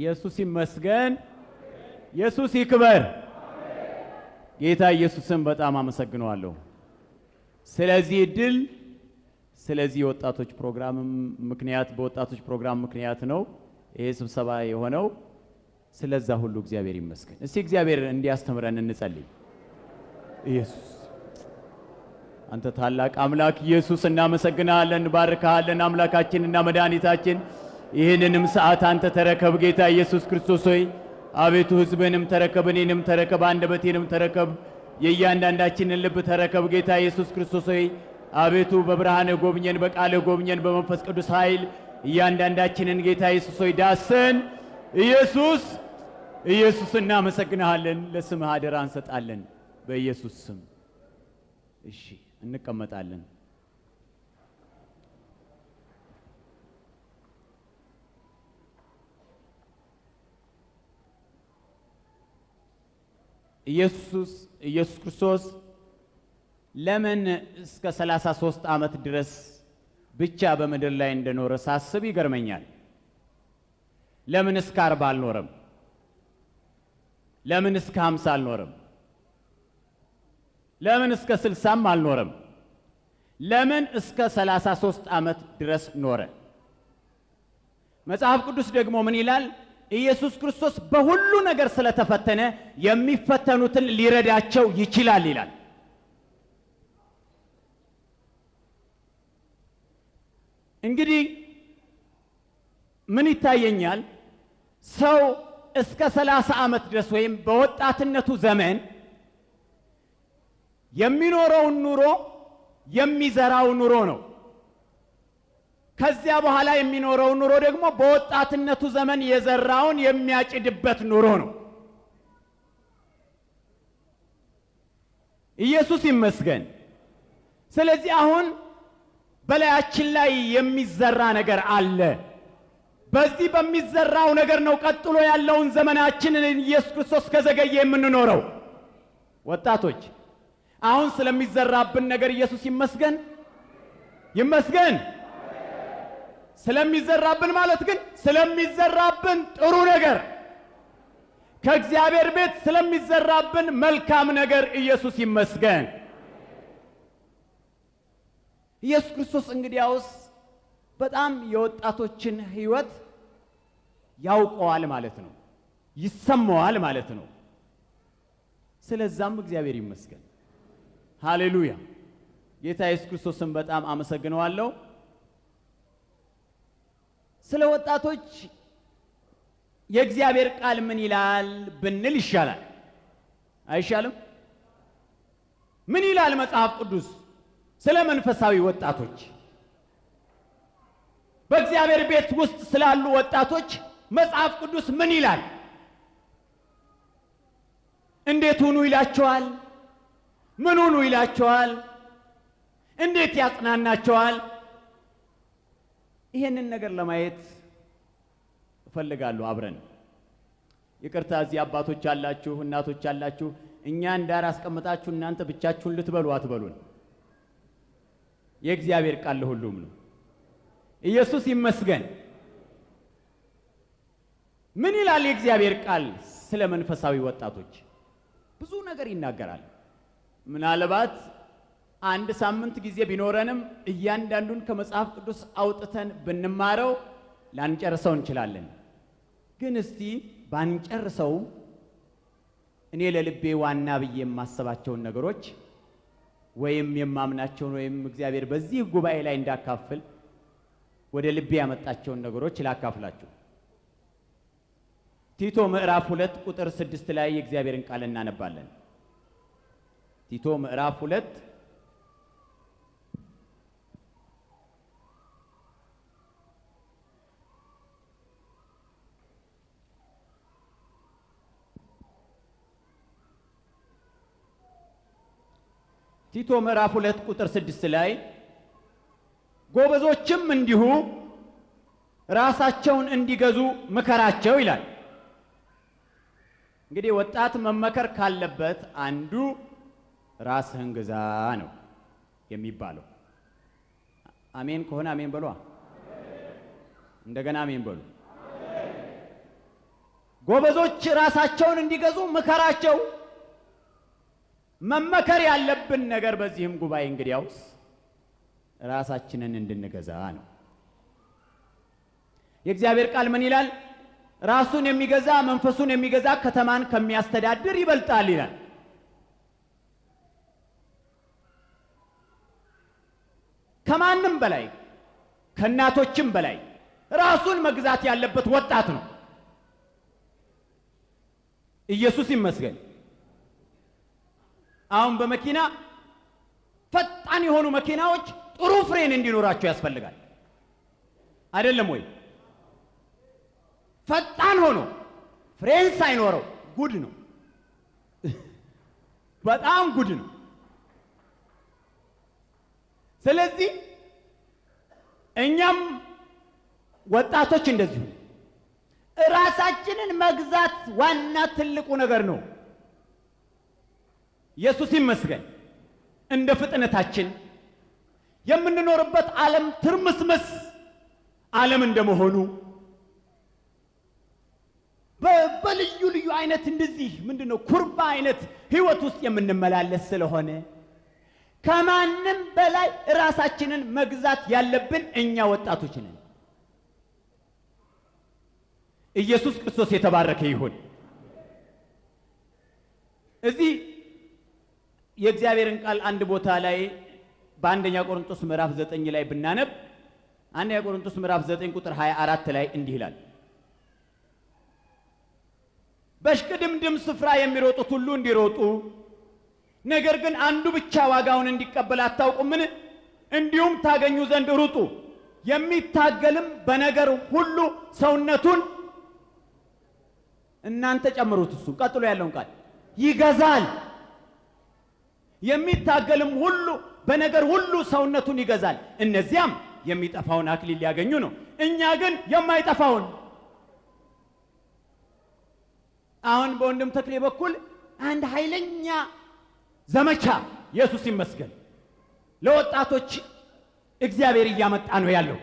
ኢየሱስ ይመስገን፣ ኢየሱስ ይክበር። ጌታ ኢየሱስን በጣም አመሰግነዋለሁ። ስለዚህ እድል ስለዚህ ወጣቶች ፕሮግራም ምክንያት በወጣቶች ፕሮግራም ምክንያት ነው ይሄ ስብሰባ የሆነው። ስለዛ ሁሉ እግዚአብሔር ይመስገን። እስቲ እግዚአብሔር እንዲያስተምረን እንጸልይ። ኢየሱስ አንተ ታላቅ አምላክ ኢየሱስ እናመሰግናለን፣ እንባርካለን አምላካችን እና መድኃኒታችን ይህንንም ሰዓት አንተ ተረከብ ጌታ ኢየሱስ ክርስቶስ ሆይ አቤቱ ህዝብንም ተረከብ፣ እኔንም ተረከብ፣ አንደበቴንም ተረከብ፣ የእያንዳንዳችንን ልብ ተረከብ ጌታ ኢየሱስ ክርስቶስ ሆይ አቤቱ በብርሃነ ጎብኘን፣ በቃለ ጎብኘን፣ በመንፈስ ቅዱስ ኃይል እያንዳንዳችንን ጌታ ኢየሱስ ሆይ ዳሰን። ኢየሱስ ኢየሱስ እናመሰግንሃለን፣ ለስምህ አደራ እንሰጣለን። በኢየሱስ ስም እሺ፣ እንቀመጣለን። ኢየሱስ ኢየሱስ ክርስቶስ ለምን እስከ 33 ዓመት ድረስ ብቻ በምድር ላይ እንደኖረ ሳስብ ይገርመኛል። ለምን እስከ 40 አልኖረም? ለምን እስከ 50 አልኖረም? ለምን እስከ 60ም አልኖረም? ለምን እስከ 33 ዓመት ድረስ ኖረ? መጽሐፍ ቅዱስ ደግሞ ምን ይላል? ኢየሱስ ክርስቶስ በሁሉ ነገር ስለተፈተነ የሚፈተኑትን ሊረዳቸው ይችላል ይላል። እንግዲህ ምን ይታየኛል? ሰው እስከ ሰላሳ ዓመት ድረስ ወይም በወጣትነቱ ዘመን የሚኖረውን ኑሮ የሚዘራው ኑሮ ነው። ከዚያ በኋላ የሚኖረው ኑሮ ደግሞ በወጣትነቱ ዘመን የዘራውን የሚያጭድበት ኑሮ ነው። ኢየሱስ ይመስገን። ስለዚህ አሁን በላያችን ላይ የሚዘራ ነገር አለ። በዚህ በሚዘራው ነገር ነው ቀጥሎ ያለውን ዘመናችንን ኢየሱስ ክርስቶስ ከዘገየ የምንኖረው። ወጣቶች አሁን ስለሚዘራብን ነገር ኢየሱስ ይመስገን ይመስገን። ስለሚዘራብን ማለት ግን ስለሚዘራብን ጥሩ ነገር ከእግዚአብሔር ቤት ስለሚዘራብን መልካም ነገር ኢየሱስ ይመስገን። ኢየሱስ ክርስቶስ እንግዲያውስ በጣም የወጣቶችን ህይወት ያውቀዋል ማለት ነው፣ ይሰማዋል ማለት ነው። ስለዛም እግዚአብሔር ይመስገን። ሃሌሉያ። ጌታ ኢየሱስ ክርስቶስን በጣም አመሰግነዋለሁ። ስለ ወጣቶች የእግዚአብሔር ቃል ምን ይላል ብንል ይሻላል አይሻልም? ምን ይላል መጽሐፍ ቅዱስ ስለ መንፈሳዊ ወጣቶች? በእግዚአብሔር ቤት ውስጥ ስላሉ ወጣቶች መጽሐፍ ቅዱስ ምን ይላል? እንዴት ሁኑ ይላቸዋል? ምን ሁኑ ይላቸዋል? እንዴት ያጽናናቸዋል? ይሄንን ነገር ለማየት እፈልጋለሁ። አብረን ይቅርታ፣ እዚህ አባቶች አላችሁ፣ እናቶች አላችሁ። እኛን ዳር አስቀምጣችሁ እናንተ ብቻችሁን ልትበሉ አትበሉን። የእግዚአብሔር ቃል ለሁሉም ነው። ኢየሱስ ይመስገን። ምን ይላል የእግዚአብሔር ቃል ስለ መንፈሳዊ ወጣቶች? ብዙ ነገር ይናገራል። ምናልባት አንድ ሳምንት ጊዜ ቢኖረንም እያንዳንዱን ከመጽሐፍ ቅዱስ አውጥተን ብንማረው ላንጨርሰው እንችላለን። ግን እስቲ ባንጨርሰው እኔ ለልቤ ዋና ብዬ የማስባቸውን ነገሮች ወይም የማምናቸውን ወይም እግዚአብሔር በዚህ ጉባኤ ላይ እንዳካፍል ወደ ልቤ ያመጣቸውን ነገሮች ላካፍላችሁ። ቲቶ ምዕራፍ ሁለት ቁጥር ስድስት ላይ የእግዚአብሔርን ቃል እናነባለን። ቲቶ ምዕራፍ ሁለት ቲቶ ምዕራፍ ሁለት ቁጥር ስድስት ላይ ጎበዞችም እንዲሁ ራሳቸውን እንዲገዙ ምከራቸው ይላል። እንግዲህ ወጣት መመከር ካለበት አንዱ ራስህን ግዛ ነው የሚባለው። አሜን ከሆነ አሜን በሏ። እንደገና አሜን በሉ። ጎበዞች ራሳቸውን እንዲገዙ ምከራቸው መመከር ያለብን ነገር በዚህም ጉባኤ እንግዲያውስ ራሳችንን እንድንገዛ ነው። የእግዚአብሔር ቃል ምን ይላል? ራሱን የሚገዛ መንፈሱን የሚገዛ ከተማን ከሚያስተዳድር ይበልጣል ይላል። ከማንም በላይ ከእናቶችም በላይ ራሱን መግዛት ያለበት ወጣት ነው። ኢየሱስ ይመስገን። አሁን በመኪና ፈጣን የሆኑ መኪናዎች ጥሩ ፍሬን እንዲኖራቸው ያስፈልጋል። አይደለም ወይ? ፈጣን ሆኖ ፍሬን ሳይኖረው ጉድ ነው፣ በጣም ጉድ ነው። ስለዚህ እኛም ወጣቶች እንደዚሁ እራሳችንን መግዛት ዋና ትልቁ ነገር ነው። ኢየሱስ ይመስገን። እንደ ፍጥነታችን የምንኖርበት ዓለም ትርምስምስ ዓለም እንደመሆኑ በልዩ ልዩ አይነት እንደዚህ ምንድነው ኩርባ አይነት ህይወት ውስጥ የምንመላለስ ስለሆነ ከማንም በላይ ራሳችንን መግዛት ያለብን እኛ ወጣቶች ነን። ኢየሱስ ክርስቶስ የተባረከ ይሁን። እዚህ የእግዚአብሔርን ቃል አንድ ቦታ ላይ በአንደኛ ቆሮንቶስ ምዕራፍ ዘጠኝ ላይ ብናነብ አንደኛ ቆሮንቶስ ምዕራፍ ዘጠኝ ቁጥር 24 ላይ እንዲህ ይላል፣ በሽቅድምድም ስፍራ የሚሮጡት ሁሉ እንዲሮጡ፣ ነገር ግን አንዱ ብቻ ዋጋውን እንዲቀበል አታውቁምን? እንዲሁም ታገኙ ዘንድ ሩጡ። የሚታገልም በነገር ሁሉ ሰውነቱን እናንተ ጨምሩት፣ እሱ ቀጥሎ ያለውን ቃል ይገዛል የሚታገልም ሁሉ በነገር ሁሉ ሰውነቱን ይገዛል። እነዚያም የሚጠፋውን አክሊል ሊያገኙ ነው። እኛ ግን የማይጠፋውን አሁን በወንድም ተክሌ በኩል አንድ ኃይለኛ ዘመቻ ኢየሱስ ይመስገን ለወጣቶች እግዚአብሔር እያመጣ ነው ያለው።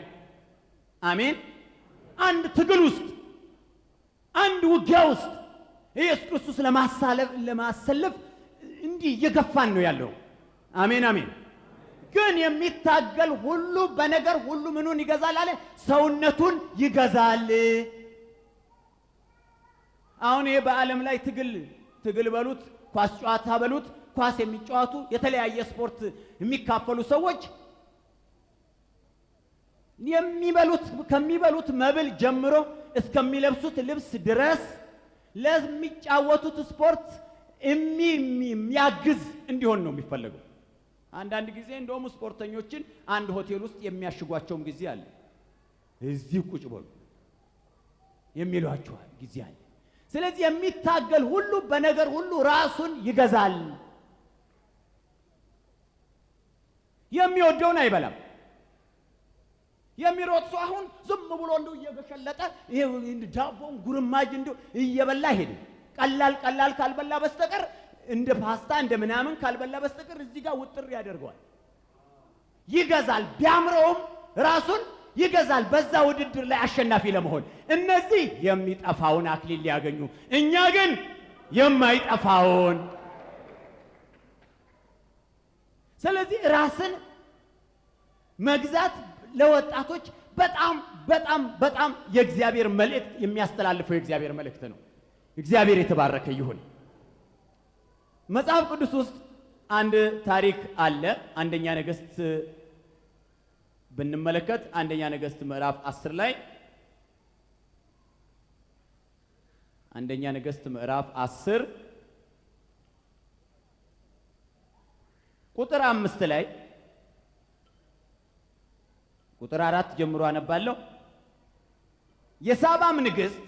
አሜን። አንድ ትግል ውስጥ አንድ ውጊያ ውስጥ ኢየሱስ ክርስቶስ ለማሳለፍ ለማሰለፍ እንዲህ እየገፋን ነው ያለው። አሜን አሜን። ግን የሚታገል ሁሉ በነገር ሁሉ ምኑን ይገዛል አለ፣ ሰውነቱን ይገዛል። አሁን ይሄ በዓለም ላይ ትግል ትግል በሉት ኳስ ጨዋታ በሉት ኳስ የሚጫወቱ የተለያየ ስፖርት የሚካፈሉ ሰዎች የሚበሉት ከሚበሉት መብል ጀምሮ እስከሚለብሱት ልብስ ድረስ ለሚጫወቱት ስፖርት እሚ የሚያግዝ እንዲሆን ነው የሚፈለገው። አንዳንድ ጊዜ እንደውም ስፖርተኞችን አንድ ሆቴል ውስጥ የሚያሽጓቸውም ጊዜ አለ። እዚህ ቁጭ በሉ የሚሏቸዋል ጊዜ አለ። ስለዚህ የሚታገል ሁሉ በነገር ሁሉ ራሱን ይገዛል። የሚወደውን አይበላም። የሚሮጥ ሰው አሁን ዝም ብሎ እንደው እየገሸለጠ ዳቦን ጉርማጅ እንደው እየበላ ሄደ። ቀላል ቀላል ካልበላ በስተቀር እንደ ፓስታ እንደ ምናምን ካልበላ በስተቀር እዚህ ጋር ውጥር ያደርገዋል። ይገዛል፣ ቢያምረውም ራሱን ይገዛል። በዛ ውድድር ላይ አሸናፊ ለመሆን እነዚህ የሚጠፋውን አክሊል ሊያገኙ፣ እኛ ግን የማይጠፋውን። ስለዚህ ራስን መግዛት ለወጣቶች በጣም በጣም በጣም የእግዚአብሔር መልእክት የሚያስተላልፈው የእግዚአብሔር መልእክት ነው። እግዚአብሔር የተባረከ ይሁን። መጽሐፍ ቅዱስ ውስጥ አንድ ታሪክ አለ። አንደኛ ነገሥት ብንመለከት አንደኛ ነገሥት ምዕራፍ አስር ላይ አንደኛ ነገሥት ምዕራፍ አስር ቁጥር አምስት ላይ ቁጥር አራት ጀምሮ አነባለሁ። የሳባም ንግሥት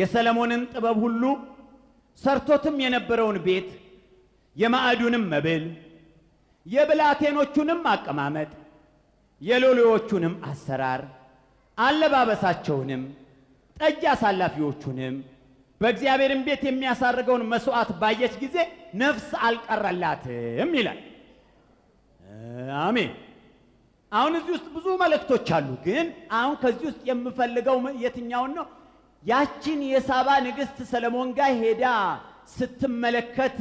የሰለሞንን ጥበብ ሁሉ ሰርቶትም የነበረውን ቤት የማዕዱንም መብል የብላቴኖቹንም አቀማመጥ የሎሌዎቹንም አሰራር አለባበሳቸውንም ጠጅ አሳላፊዎቹንም በእግዚአብሔርም ቤት የሚያሳርገውን መስዋዕት ባየች ጊዜ ነፍስ አልቀረላትም ይላል። አሜን። አሁን እዚህ ውስጥ ብዙ መልእክቶች አሉ። ግን አሁን ከዚህ ውስጥ የምፈልገው የትኛውን ነው? ያችን የሳባ ንግሥት ሰለሞን ጋር ሄዳ ስትመለከት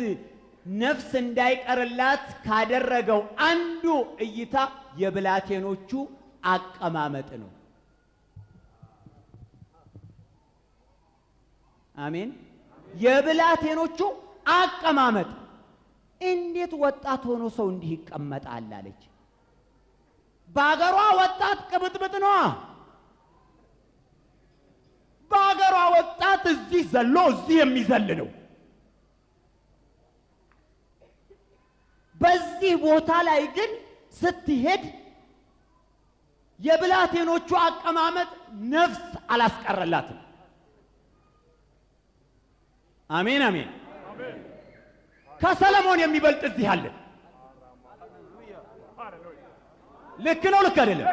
ነፍስ እንዳይቀርላት ካደረገው አንዱ እይታ የብላቴኖቹ አቀማመጥ ነው። አሜን። የብላቴኖቹ አቀማመጥ እንዴት ወጣት ሆኖ ሰው እንዲህ ይቀመጣል አለች። በአገሯ ወጣት ቅብጥብጥ ነዋ። የሀገሯ ወጣት እዚህ ዘሎ እዚህ የሚዘል ነው። በዚህ ቦታ ላይ ግን ስትሄድ የብላቴኖቹ አቀማመጥ ነፍስ አላስቀረላትም። አሜን አሜን። ከሰለሞን የሚበልጥ እዚህ አለ። ልክ ነው፣ ልክ አይደለም?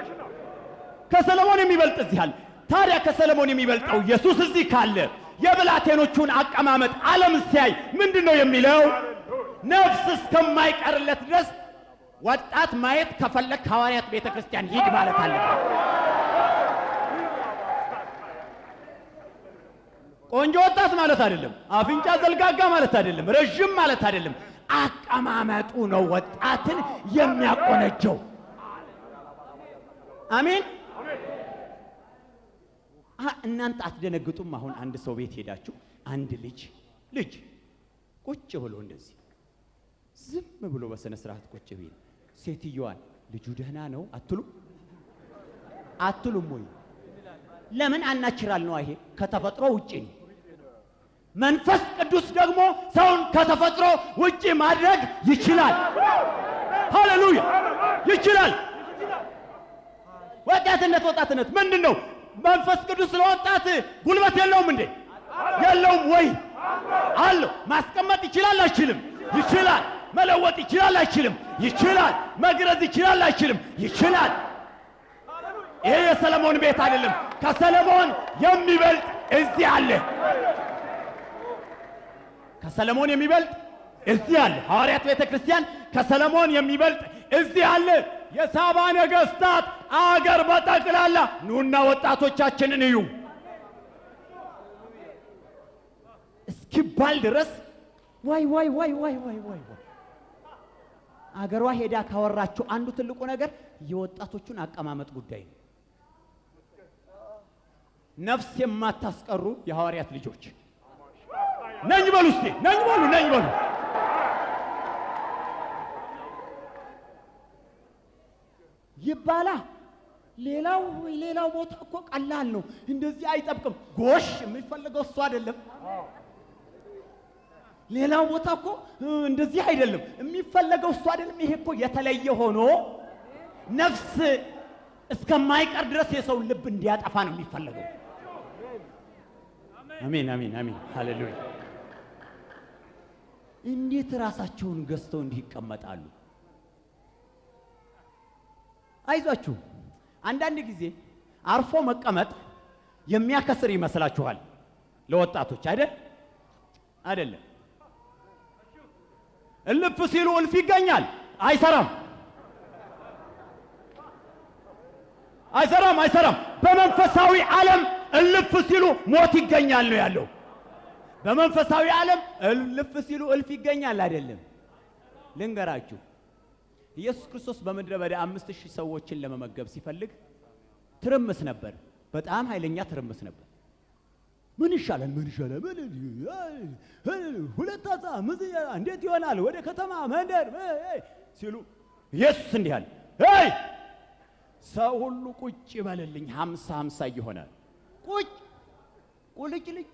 ከሰለሞን የሚበልጥ እዚህ አለ። ታዲያ ከሰለሞን የሚበልጠው ኢየሱስ እዚህ ካለ የብላቴኖቹን አቀማመጥ ዓለም ሲያይ ምንድን ነው የሚለው? ነፍስ እስከማይቀርለት ድረስ ወጣት ማየት ከፈለግ ሐዋርያት ቤተ ክርስቲያን ሂድ ማለት አለበት። ቆንጆ ወጣት ማለት አይደለም፣ አፍንጫ ዘልጋጋ ማለት አይደለም፣ ረዥም ማለት አይደለም። አቀማመጡ ነው ወጣትን የሚያቆነጀው። አሜን። እናንተ አትደነግጡም? አሁን አንድ ሰው ቤት ሄዳችሁ አንድ ልጅ ልጅ ቁጭ ብሎ እንደዚህ ዝም ብሎ በስነ ስርዓት ቁጭ ቢል ሴትዮዋን ልጁ ደህና ነው አትሉ አትሉም ወይ? ለምን አናችራል ነው ይሄ ከተፈጥሮ ውጪ ነው። መንፈስ ቅዱስ ደግሞ ሰውን ከተፈጥሮ ውጪ ማድረግ ይችላል። ሃሌሉያ ይችላል። ወጣትነት ወጣትነት ምንድን ነው? መንፈስ ቅዱስ ለወጣት ጉልበት የለውም እንዴ? የለውም ወይ? አለው። ማስቀመጥ ይችላል አይችልም? ይችላል። መለወጥ ይችላል አይችልም? ይችላል። መግረዝ ይችላል አይችልም? ይችላል። ይሄ የሰለሞን ቤት አይደለም። ከሰለሞን የሚበልጥ እዚህ አለ። ከሰለሞን የሚበልጥ እዚህ አለ። ሐዋርያት ቤተ ክርስቲያን ከሰለሞን የሚበልጥ እዚህ አለ። የሳባ ነገስታት አገር በጠቅላላ ኑና ወጣቶቻችንን እዩ እስኪባል ድረስ ዋይ ዋይ ዋይ ዋይ ዋይ ዋይ አገሯ ሄዳ ካወራችው አንዱ ትልቁ ነገር የወጣቶቹን አቀማመጥ ጉዳይ ነው። ነፍስ የማታስቀሩ የሐዋርያት ልጆች ነኝ በሉ እስቲ ነኝ በሉ ነኝ በሉ ይባላ ሌላው ሌላው ቦታ እኮ ቀላል ነው፣ እንደዚህ አይጠብቅም። ጎሽ የሚፈልገው እሱ አይደለም። ሌላው ቦታ እኮ እንደዚህ አይደለም የሚፈለገው እሱ አይደለም። ይሄ እኮ የተለየ ሆኖ ነፍስ እስከማይቀር ድረስ የሰውን ልብ እንዲያጠፋ ነው የሚፈለገው። አሜን፣ አሜን፣ አሜን፣ ሃሌሉያ። እንዴት ራሳቸውን ገዝተው እንዲህ ይቀመጣሉ? አይዟችሁ አንዳንድ ጊዜ አርፎ መቀመጥ የሚያከስር ይመስላችኋል ለወጣቶች አይደል? አይደለም። እልፍ ሲሉ እልፍ ይገኛል። አይሰራም፣ አይሰራም፣ አይሰራም። በመንፈሳዊ ዓለም እልፍ ሲሉ ሞት ይገኛል ነው ያለው። በመንፈሳዊ ዓለም እልፍ ሲሉ እልፍ ይገኛል አይደለም። ልንገራችሁ ኢየሱስ ክርስቶስ በምድረ በዳ አምስት ሺህ ሰዎችን ለመመገብ ሲፈልግ ትርምስ ነበር። በጣም ኃይለኛ ትርምስ ነበር። ምን ይሻላል? ምን ይሻላል? ሁለት አሳ እንዴት ይሆናል? ወደ ከተማ መንደር ሲሉ ኢየሱስ እንዲህ አለ፣ ሄይ ሰው ሁሉ ቁጭ ይበልልኝ። ሀምሳ ሀምሳ እየሆነ ቁጭ ቁልጭ ልጭ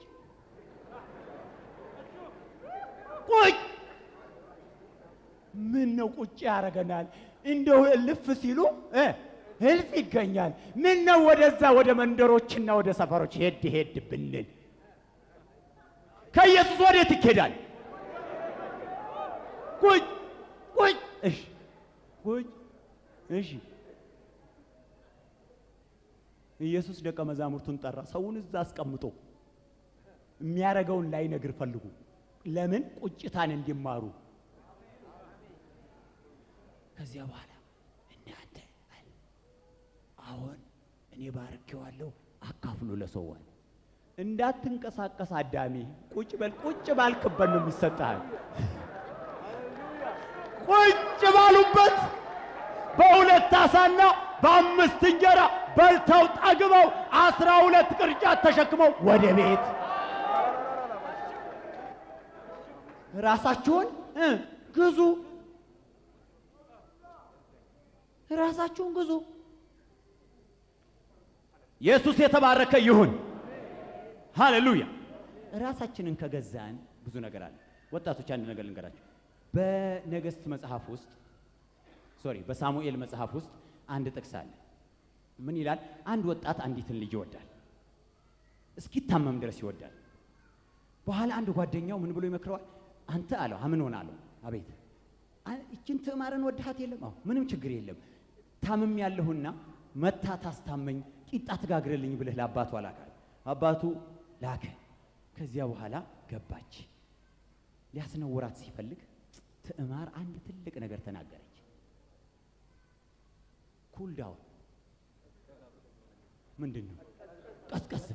ቁጭ ምን ነው ቁጭ ያደርገናል እንደው ልፍ ሲሉ ህልፍ ይገኛል። ምን ነው ወደዛ ወደ መንደሮችና ወደ ሰፈሮች ሄድ ሄድ ብንል ከኢየሱስ ወዴት ይኬዳል? ቁጭ ቁጭ። እሺ ቁጭ እሺ። ኢየሱስ ደቀ መዛሙርቱን ጠራ። ሰውን እዛ አስቀምጦ የሚያረገውን ነግር ፈልጉ። ለምን ቁጭታን እንዲማሩ ከዚያ በኋላ እናንተ አሁን እኔ ባርኬዋለሁ አካፍሉ ለሰው አለ። እንዳትንቀሳቀስ አዳሚ፣ ቁጭ በል። ቁጭ ባልክበት ነው የሚሰጣል። ቁጭ ባሉበት በሁለት አሳና በአምስት እንጀራ በልተው ጠግበው አስራ ሁለት ቅርጫት ተሸክመው ወደ ቤት ራሳችሁን ግዙ። ራሳችሁን ግዙ። ኢየሱስ የተባረከ ይሁን። ሃሌሉያ። ራሳችንን ከገዛን ብዙ ነገር አለ። ወጣቶች አንድ ነገር ልንገራቸው። በነገስት መጽሐፍ ውስጥ ሶሪ፣ በሳሙኤል መጽሐፍ ውስጥ አንድ ጥቅስ አለ። ምን ይላል? አንድ ወጣት አንዲትን ልጅ ይወዳል፣ እስኪታመም ድረስ ይወዳል። በኋላ አንድ ጓደኛው ምን ብሎ ይመክረዋል? አንተ አለው አምን አለው አቤት፣ ይችን ትዕማርን ወድሃት የለም? አዎ፣ ምንም ችግር የለም ታምም ያለሁና መታ ታስታመኝ ቂጣ ትጋግርልኝ ብለህ ለአባቱ አላካል። አባቱ ላከ። ከዚያ በኋላ ገባች። ሊያስነውራት ሲፈልግ ትዕማር አንድ ትልቅ ነገር ተናገረች። ኩልዳውን ምንድን ነው? ቀስቀስ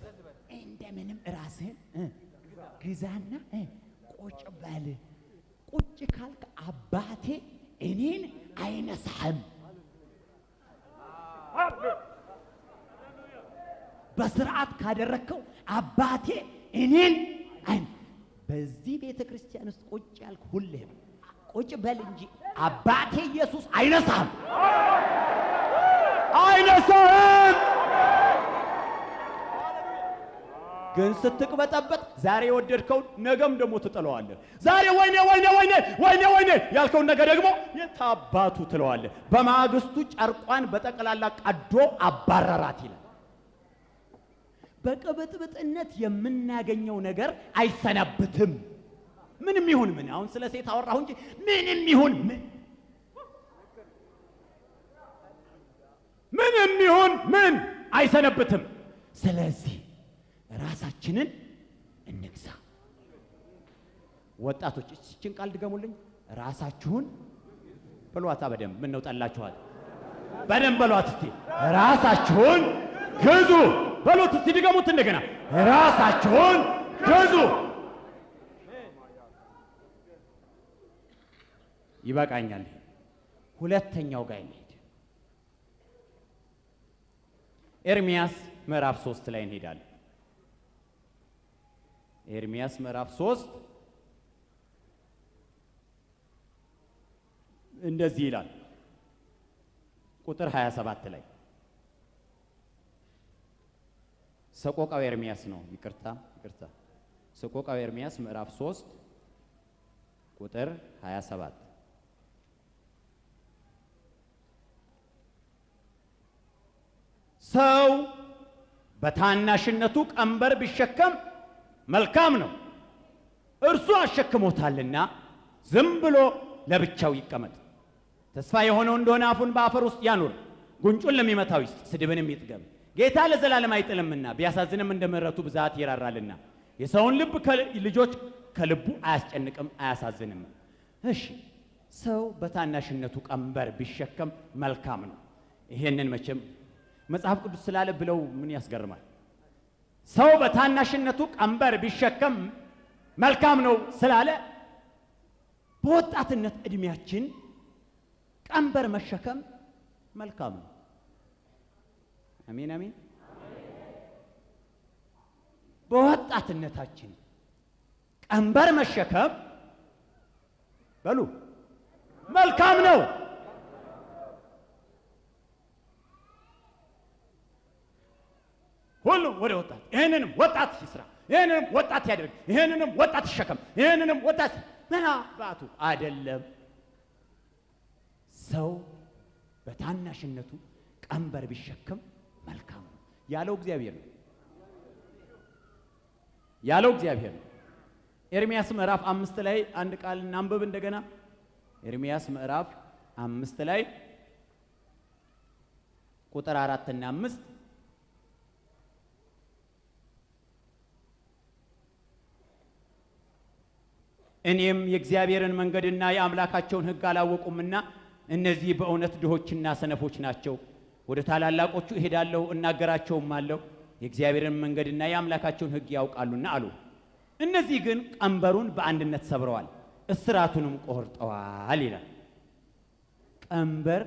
እንደምንም ራስህን ግዛና ቁጭ በል። ቁጭ ካልክ አባቴ እኔን አይነሳህም። በስርዓት ካደረከው አባቴ እኔን አይ በዚህ ቤተ ክርስቲያን ውስጥ ቁጭ ያልክ ሁሌም ቁጭ በል እንጂ አባቴ ኢየሱስ አይነሳህም፣ አይነሳህም። ግን ስትቅበጠበጥ ዛሬ የወደድከውን ነገም ደግሞ ትጥለዋለህ። ዛሬ ወይኔ ወይኔ ወይኔ ወይኔ ወይኔ ያልከውን ነገ ደግሞ የታባቱ ትለዋለህ። በማግስቱ ጨርቋን በጠቅላላ ቀዶ አባረራት ይላል። በቅብጥብጥነት የምናገኘው ነገር አይሰናብትም። ምንም ይሁን ምን፣ አሁን ስለ ሴት አወራሁ እንጂ ምንም ይሁን ምን ምንም ይሁን ምን አይሰነብትም። ስለዚህ ራሳችንን እንግዛ። ወጣቶች እችን ቃል ድገሙልኝ። ራሳችሁን በሏታ። በደንብ ምን ነው ጠላችኋል? በደንብ በሏት እስቲ። ራሳችሁን ግዙ በሉት እስቲ፣ ድገሙት እንደገና። ራሳችሁን ግዙ። ይበቃኛል። ሁለተኛው ጋር እንሄድ። ኤርሚያስ ምዕራፍ ሶስት ላይ እንሄዳለን። ኤርሚያስ ምዕራፍ 3 እንደዚህ ይላል ቁጥር 27 ላይ ሰቆቃው ኤርሚያስ ነው። ይቅርታ ይቅርታ፣ ሰቆቃው ኤርሚያስ ምዕራፍ 3 ቁጥር 27 ሰው በታናሽነቱ ቀንበር ቢሸከም መልካም ነው፣ እርሱ አሸክሞታልና ዝም ብሎ ለብቻው ይቀመጥ። ተስፋ የሆነው እንደሆነ አፉን በአፈር ውስጥ ያኑር፣ ጉንጩን ለሚመታው ይስጥ፣ ስድብንም ይጥገም። ጌታ ለዘላለም አይጥልምና ቢያሳዝንም እንደ ምሕረቱ ብዛት ይራራልና የሰውን ልብ ልጆች ከልቡ አያስጨንቅም አያሳዝንም። እሺ ሰው በታናሽነቱ ቀንበር ቢሸከም መልካም ነው። ይሄንን መቼም መጽሐፍ ቅዱስ ስላለ ብለው ምን ያስገርማል? ሰው በታናሽነቱ ቀንበር ቢሸከም መልካም ነው ስላለ በወጣትነት እድሜያችን ቀንበር መሸከም መልካም ነው። አሜን አሜን። በወጣትነታችን ቀንበር መሸከም በሉ መልካም ነው። ሁሉ ወደ ወጣት ይህንንም ወጣት ይስራ፣ ይህንንም ወጣት ያደርግ፣ ይህንንም ወጣት ይሸከም፣ ይህንንም ወጣት ምን አይደለም። ሰው በታናሽነቱ ቀንበር ቢሸከም መልካም ነው ያለው እግዚአብሔር ነው ያለው እግዚአብሔር ነው። ኤርሚያስ ምዕራፍ አምስት ላይ አንድ ቃል እናንብብ እንደገና። ኤርሚያስ ምዕራፍ አምስት ላይ ቁጥር አራትና አምስት እኔም የእግዚአብሔርን መንገድና የአምላካቸውን ሕግ አላወቁምና እነዚህ በእውነት ድሆችና ሰነፎች ናቸው። ወደ ታላላቆቹ እሄዳለሁ እናገራቸውም አለሁ የእግዚአብሔርን መንገድና የአምላካቸውን ሕግ ያውቃሉና አሉ። እነዚህ ግን ቀንበሩን በአንድነት ሰብረዋል፣ እስራቱንም ቆርጠዋል ይላል። ቀንበር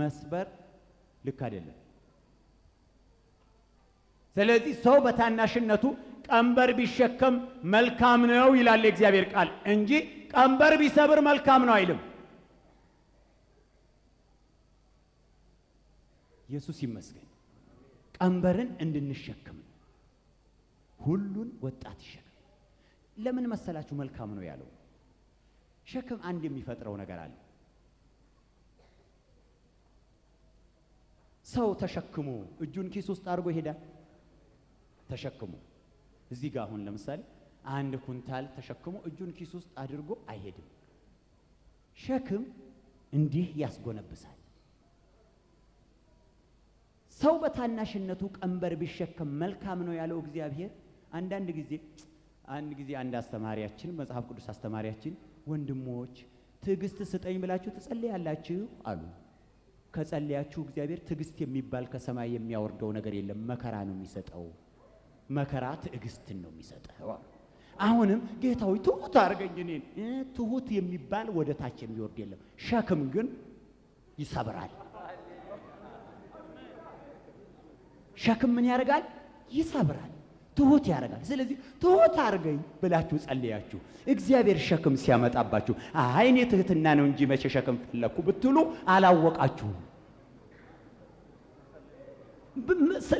መስበር ልክ አይደለም። ስለዚህ ሰው በታናሽነቱ ቀንበር ቢሸከም መልካም ነው ይላል የእግዚአብሔር ቃል እንጂ ቀንበር ቢሰብር መልካም ነው አይልም። ኢየሱስ ይመስገን። ቀንበርን እንድንሸክም ሁሉን ወጣት ይሸክም። ለምን መሰላችሁ መልካም ነው ያለው? ሸክም አንድ የሚፈጥረው ነገር አለ። ሰው ተሸክሞ እጁን ኪስ ውስጥ አድርጎ ይሄዳል። ተሸክሞ እዚህ ጋር አሁን ለምሳሌ አንድ ኩንታል ተሸክሞ እጁን ኪስ ውስጥ አድርጎ አይሄድም። ሸክም እንዲህ ያስጎነብሳል። ሰው በታናሽነቱ ቀንበር ቢሸከም መልካም ነው ያለው እግዚአብሔር። አንዳንድ ጊዜ አንድ ጊዜ አንድ አስተማሪያችን መጽሐፍ ቅዱስ አስተማሪያችን ወንድሞች ትዕግስት ስጠኝ ብላችሁ ትጸልያላችሁ አሉ። ከጸልያችሁ እግዚአብሔር ትዕግስት የሚባል ከሰማይ የሚያወርደው ነገር የለም፣ መከራ ነው የሚሰጠው መከራ ትዕግስትን ነው የሚሰጠው። አሁንም ጌታዊ ትሁት አድርገኝ እኔን። ትሁት የሚባል ወደ ታች የሚወርድ የለም፣ ሸክም ግን ይሰብራል። ሸክም ምን ያደርጋል? ይሰብራል፣ ትሁት ያደርጋል። ስለዚህ ትሁት አድርገኝ ብላችሁ ጸልያችሁ እግዚአብሔር ሸክም ሲያመጣባችሁ አይኔ ትህትና ነው እንጂ መቼ ሸክም ፈለግኩ ብትሉ አላወቃችሁም።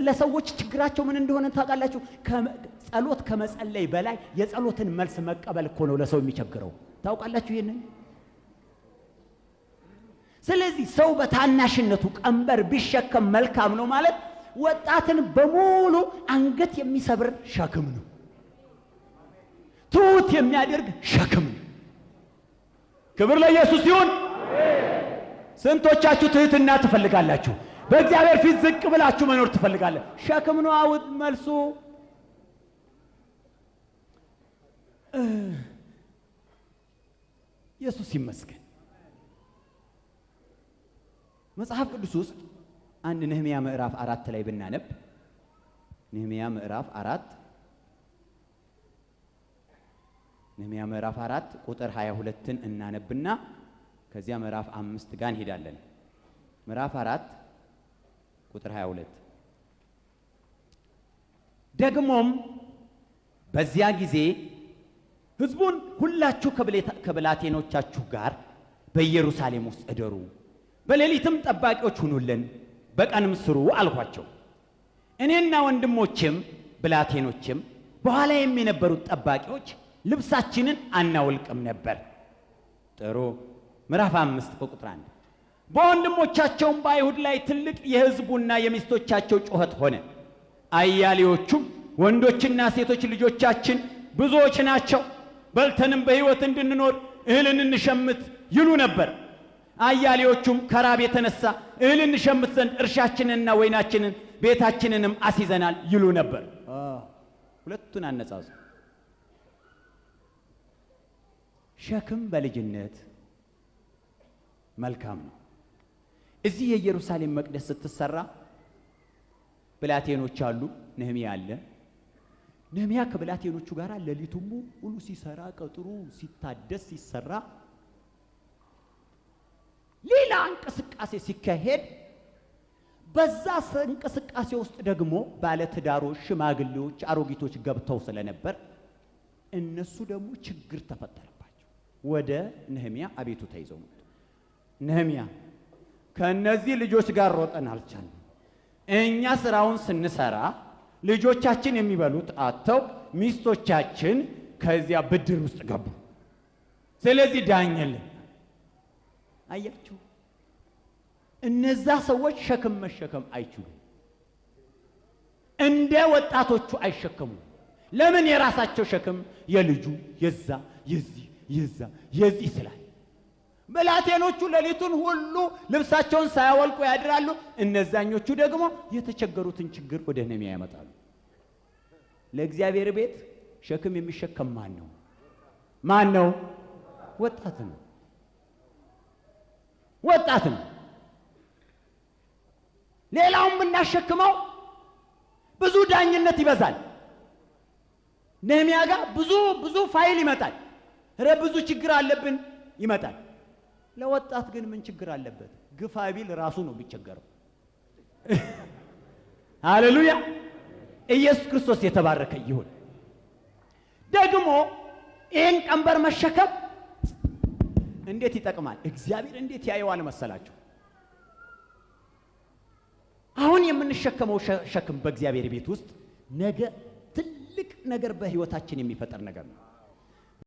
ለሰዎች ችግራቸው ምን እንደሆነ ታውቃላችሁ? ጸሎት ከመጸለይ በላይ የጸሎትን መልስ መቀበል እኮ ነው ለሰው የሚቸግረው። ታውቃላችሁ ይህንን። ስለዚህ ሰው በታናሽነቱ ቀንበር ቢሸከም መልካም ነው ማለት ወጣትን በሙሉ አንገት የሚሰብር ሸክም ነው። ትሑት የሚያደርግ ሸክም ነው። ክብር ለኢየሱስ ይሁን። ስንቶቻችሁ ትህትና ትፈልጋላችሁ? በእግዚአብሔር ፊት ዝቅ ብላችሁ መኖር ትፈልጋለ። ሸክም ነው አውጥ መልሱ። ኢየሱስ ይመስገን። መጽሐፍ ቅዱስ ውስጥ አንድ ነህሚያ ምዕራፍ አራት ላይ ብናነብ ነህሚያ ምዕራፍ አራት ነህሚያ ምዕራፍ አራት ቁጥር ሀያ ሁለትን እናነብና ከዚያ ምዕራፍ አምስት ጋር እንሄዳለን። ምዕራፍ አራት ቁጥር 22 ደግሞም በዚያ ጊዜ ህዝቡን ሁላችሁ ከብላቴኖቻችሁ ጋር በኢየሩሳሌም ውስጥ እደሩ፣ በሌሊትም ጠባቂዎች ሁኑልን፣ በቀንም ስሩ አልኳቸው። እኔና ወንድሞችም ብላቴኖችም በኋላ የሚነበሩት ጠባቂዎች ልብሳችንን አናውልቅም ነበር። ጥሩ ምዕራፍ አምስት ቁጥር አንድ በወንድሞቻቸውም በአይሁድ ላይ ትልቅ የሕዝቡና የሚስቶቻቸው ጩኸት ሆነ። አያሌዎቹም ወንዶችና ሴቶች ልጆቻችን ብዙዎች ናቸው፣ በልተንም በሕይወት እንድንኖር እህልን እንሸምት ይሉ ነበር። አያሌዎቹም ከራብ የተነሳ እህል እንሸምት ዘንድ እርሻችንንና ወይናችንን ቤታችንንም አስይዘናል ይሉ ነበር። ሁለቱን አነጻጽሩ። ሸክም በልጅነት መልካም ነው። እዚህ የኢየሩሳሌም መቅደስ ስትሰራ ብላቴኖች አሉ። ነህሚያ አለ። ነህሚያ ከብላቴኖቹ ጋር ሌሊቱን ሙሉ ሲሰራ ቀጥሩ ሲታደስ ሲሰራ ሌላ እንቅስቃሴ ሲካሄድ በዛ እንቅስቃሴ ውስጥ ደግሞ ባለትዳሮች፣ ሽማግሌዎች፣ አሮጊቶች ገብተው ስለነበር እነሱ ደግሞ ችግር ተፈጠረባቸው። ወደ ነህሚያ አቤቱታ ይዘው ነህሚያ ከእነዚህ ልጆች ጋር ሮጠን አልቻልንም። እኛ ስራውን ስንሰራ ልጆቻችን የሚበሉት አጥተው ሚስቶቻችን ከዚያ ብድር ውስጥ ገቡ። ስለዚህ ዳኘልን። አያችሁ፣ እነዛ ሰዎች ሸክም መሸከም አይችሉም። እንደ ወጣቶቹ አይሸከሙም። ለምን? የራሳቸው ሸክም የልጁ የዛ የዚህ የዛ የዚህ ስላል ብላቴኖቹ ሌሊቱን ሁሉ ልብሳቸውን ሳያወልቁ ያድራሉ። እነዛኞቹ ደግሞ የተቸገሩትን ችግር ወደ ነሚያ ያመጣሉ። ለእግዚአብሔር ቤት ሸክም የሚሸከም ማን ነው? ማን ነው? ወጣት ነው። ወጣት ነው። ሌላውን ብናሸክመው ብዙ ዳኝነት ይበዛል። ነህምያ ጋር ብዙ ብዙ ፋይል ይመጣል። ረ ብዙ ችግር አለብን ይመጣል። ለወጣት ግን ምን ችግር አለበት? ግፋ ቢል ራሱ ነው የሚቸገረው። ሃሌሉያ! ኢየሱስ ክርስቶስ የተባረከ ይሁን። ደግሞ ይህን ቀንበር መሸከም እንዴት ይጠቅማል? እግዚአብሔር እንዴት ያየዋል መሰላችሁ? አሁን የምንሸከመው ሸክም በእግዚአብሔር ቤት ውስጥ ነገ ትልቅ ነገር በህይወታችን የሚፈጠር ነገር ነው።